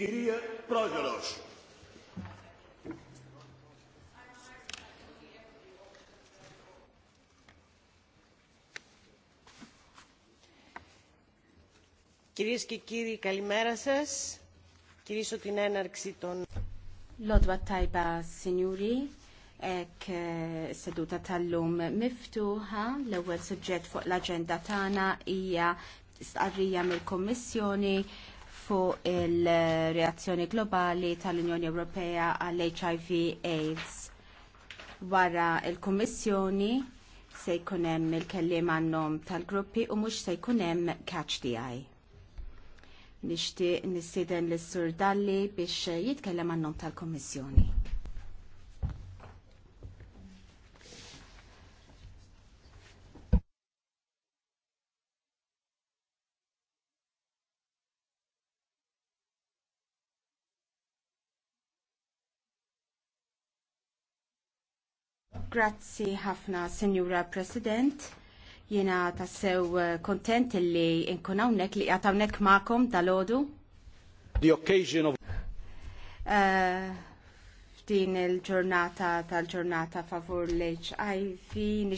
Kirija Prozoros. Κυρίες και κύριοι, καλημέρα σας. Κυρίσω την έναρξη των... Λότβα Τάιπα, Σινιούρι, Ek eh, seduta tal-lum miftuħa, l-ewel suġġett fuq l-agenda tagħna hija stqarrija mill-Kommissjoni fuq il-reazzjoni globali tal-Unjoni Ewropea għall-HIV AIDS. Wara il-Kummissjoni se jkun hemm il-kelliem għannom tal-gruppi u mhux se jkun hemm catch the eye. Nixtieq nissieden lis-Sur Dalli biex jitkellem għannom tal-Kummissjoni. Grazzi ħafna, Signora President. Jena tassew uh, kontent li nkun hawnhekk li għatawnek ma'kom magħkom dal-għodu. The occasion of uh, din il-ġurnata tal-ġurnata favur l-HIV